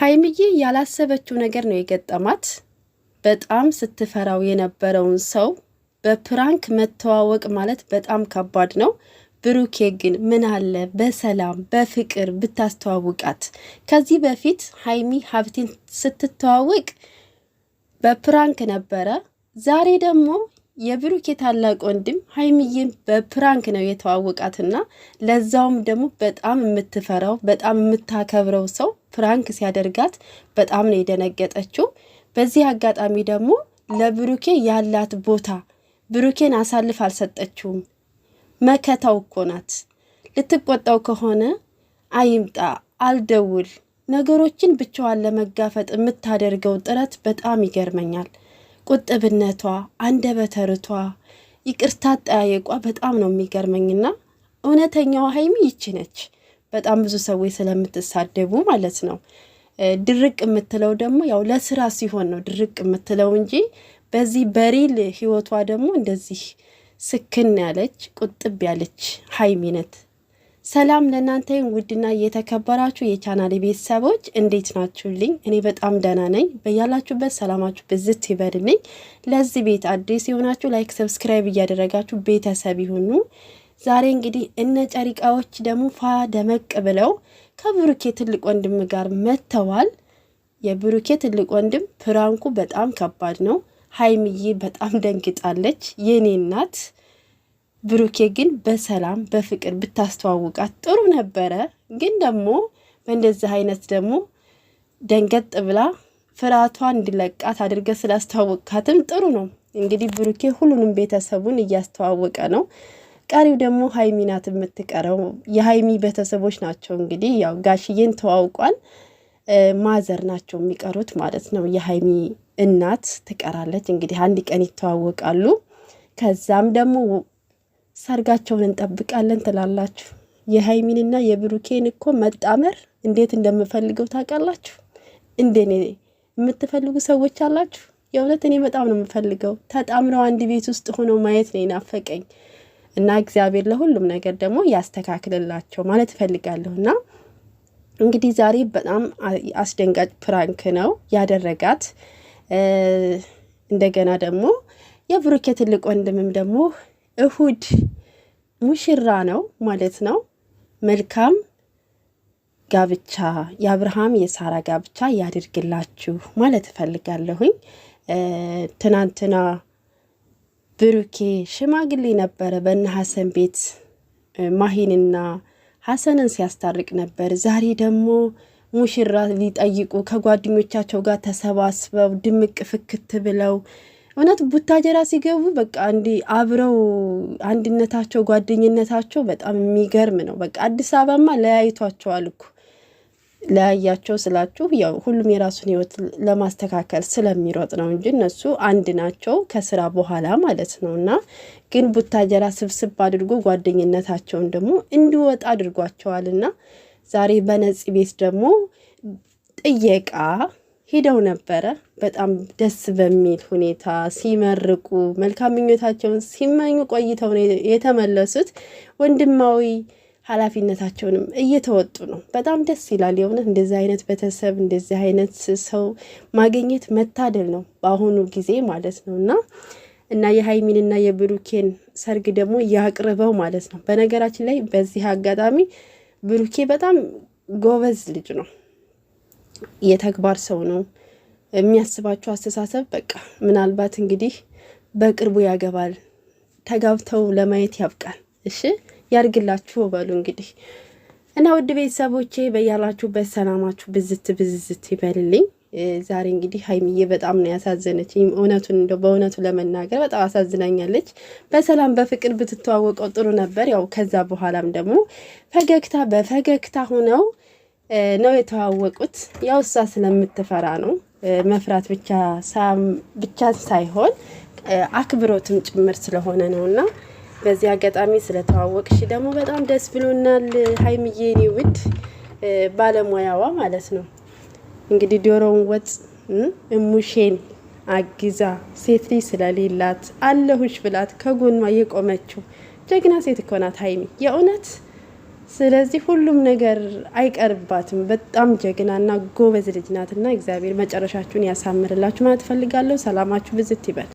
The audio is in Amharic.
ሀይምዬ ያላሰበችው ነገር ነው የገጠማት። በጣም ስትፈራው የነበረውን ሰው በፕራንክ መተዋወቅ ማለት በጣም ከባድ ነው። ብሩኬ ግን ምን አለ በሰላም በፍቅር ብታስተዋውቃት። ከዚህ በፊት ሀይሚ ሀብቴን ስትተዋወቅ በፕራንክ ነበረ። ዛሬ ደግሞ የብሩኬ ታላቅ ወንድም ሀይሚዬን በፕራንክ ነው የተዋወቃትና ለዛውም ደግሞ በጣም የምትፈራው በጣም የምታከብረው ሰው ፕራንክ ሲያደርጋት በጣም ነው የደነገጠችው። በዚህ አጋጣሚ ደግሞ ለብሩኬ ያላት ቦታ ብሩኬን አሳልፍ አልሰጠችውም። መከታው እኮ ናት። ልትቆጣው ከሆነ አይምጣ፣ አልደውል። ነገሮችን ብቻዋን ለመጋፈጥ የምታደርገው ጥረት በጣም ይገርመኛል። ቁጥብነቷ፣ አንደበተ ርቷ፣ ይቅርታ አጠያየቋ በጣም ነው የሚገርመኝና እውነተኛዋ ሀይሚ ይቺ ነች። በጣም ብዙ ሰዎች ስለምትሳደቡ ማለት ነው። ድርቅ የምትለው ደግሞ ያው ለስራ ሲሆን ነው ድርቅ የምትለው እንጂ በዚህ በሪል ህይወቷ ደግሞ እንደዚህ ስክን ያለች ቁጥብ ያለች ሀይሚነት። ሰላም ለእናንተ ውድና እየተከበራችሁ የቻናል ቤተሰቦች እንዴት ናችሁልኝ? እኔ በጣም ደህና ነኝ። በያላችሁበት ሰላማችሁ ብዝት ይበልልኝ። ለዚህ ቤት አዲስ የሆናችሁ ላይክ፣ ሰብስክራይብ እያደረጋችሁ ቤተሰብ ይሁኑ። ዛሬ እንግዲህ እነ ጨሪቃዎች ደግሞ ፋ ደመቅ ብለው ከብሩኬ ትልቅ ወንድም ጋር መጥተዋል። የብሩኬ ትልቅ ወንድም ፕራንኩ በጣም ከባድ ነው። ሀይምዬ በጣም ደንግጣለች የኔ እናት። ብሩኬ ግን በሰላም በፍቅር ብታስተዋውቃት ጥሩ ነበረ። ግን ደግሞ በእንደዚህ አይነት ደግሞ ደንገጥ ብላ ፍርሃቷ እንዲለቃት አድርገ ስላስተዋወቃትም ጥሩ ነው። እንግዲህ ብሩኬ ሁሉንም ቤተሰቡን እያስተዋወቀ ነው። ቀሪው ደግሞ ሀይሚ ናት የምትቀረው። የሀይሚ ቤተሰቦች ናቸው እንግዲህ ያው ጋሽዬን ተዋውቋል። ማዘር ናቸው የሚቀሩት ማለት ነው። የሀይሚ እናት ትቀራለች እንግዲህ አንድ ቀን ይተዋወቃሉ። ከዛም ደግሞ ሰርጋቸውን እንጠብቃለን ትላላችሁ። የሀይሚንና የብሩኬን እኮ መጣመር እንዴት እንደምፈልገው ታውቃላችሁ። እንደኔ የምትፈልጉ ሰዎች አላችሁ? የእውነት እኔ በጣም ነው የምፈልገው። ተጣምረው አንድ ቤት ውስጥ ሆነው ማየት ነው ይናፈቀኝ። እና እግዚአብሔር ለሁሉም ነገር ደግሞ ያስተካክልላቸው ማለት እፈልጋለሁ እና እንግዲህ ዛሬ በጣም አስደንጋጭ ፕራንክ ነው ያደረጋት። እንደገና ደግሞ የብሩኬ ትልቅ ወንድምም ደግሞ እሁድ ሙሽራ ነው ማለት ነው። መልካም ጋብቻ የአብርሃም የሳራ ጋብቻ ያድርግላችሁ ማለት እፈልጋለሁኝ። ትናንትና ብሩኬ ሽማግሌ ነበረ በእነ ሀሰን ቤት ማሂንና ሀሰንን ሲያስታርቅ ነበር። ዛሬ ደግሞ ሙሽራ ሊጠይቁ ከጓደኞቻቸው ጋር ተሰባስበው ድምቅ ፍክት ብለው እውነት ቡታጀራ ሲገቡ በቃ እንዲ አብረው አንድነታቸው ጓደኝነታቸው በጣም የሚገርም ነው። በቃ አዲስ አበባማ ለያይቷቸዋል እኮ ለያቸው ስላችሁ ያው ሁሉም የራሱን ህይወት ለማስተካከል ስለሚሮጥ ነው እንጂ እነሱ አንድ ናቸው ከስራ በኋላ ማለት ነው። እና ግን ቡታጀራ ስብስብ አድርጎ ጓደኝነታቸውን ደግሞ እንዲወጣ አድርጓቸዋል። እና ዛሬ በነፂ ቤት ደግሞ ጥየቃ ሄደው ነበረ። በጣም ደስ በሚል ሁኔታ ሲመርቁ መልካም ምኞታቸውን ሲመኙ ቆይተው ነው የተመለሱት ወንድማዊ ኃላፊነታቸውንም እየተወጡ ነው። በጣም ደስ ይላል። የእውነት እንደዚህ አይነት ቤተሰብ እንደዚህ አይነት ሰው ማግኘት መታደል ነው በአሁኑ ጊዜ ማለት ነው እና እና የሀይሚንና የብሩኬን ሰርግ ደግሞ ያቅርበው ማለት ነው። በነገራችን ላይ በዚህ አጋጣሚ ብሩኬ በጣም ጎበዝ ልጅ ነው፣ የተግባር ሰው ነው። የሚያስባቸው አስተሳሰብ በቃ ምናልባት እንግዲህ በቅርቡ ያገባል፣ ተጋብተው ለማየት ያብቃል። እሺ ያርግላችሁ በሉ እንግዲህ እና ውድ ቤተሰቦቼ በያላችሁበት ሰላማችሁ ብዝት ብዝት ይበልልኝ። ዛሬ እንግዲህ ሀይሚዬ በጣም ነው ያሳዘነች። እውነቱን እንደው በእውነቱ ለመናገር በጣም አሳዝናኛለች። በሰላም በፍቅር ብትተዋወቀው ጥሩ ነበር። ያው ከዛ በኋላም ደግሞ ፈገግታ በፈገግታ ሆነው ነው የተዋወቁት። ያው እሷ ስለምትፈራ ነው። መፍራት ብቻ ብቻ ሳይሆን አክብሮትም ጭምር ስለሆነ ነውና በዚህ አጋጣሚ ስለተዋወቅሽ ደግሞ በጣም ደስ ብሎናል። ሀይሚዬ የኔ ውድ ባለሙያዋ ማለት ነው እንግዲህ ዶሮውን ወጥ እሙሼን አግዛ ሴት ልጅ ስለሌላት አለሁሽ ብላት ከጎኗ የቆመችው ጀግና ሴት እኮ ናት ሀይሚ የእውነት። ስለዚህ ሁሉም ነገር አይቀርባትም። በጣም ጀግናና ጎበዝ ልጅ ናትና እግዚአብሔር መጨረሻችሁን ያሳምርላችሁ ማለት ፈልጋለሁ። ሰላማችሁ ብዝት ይበል።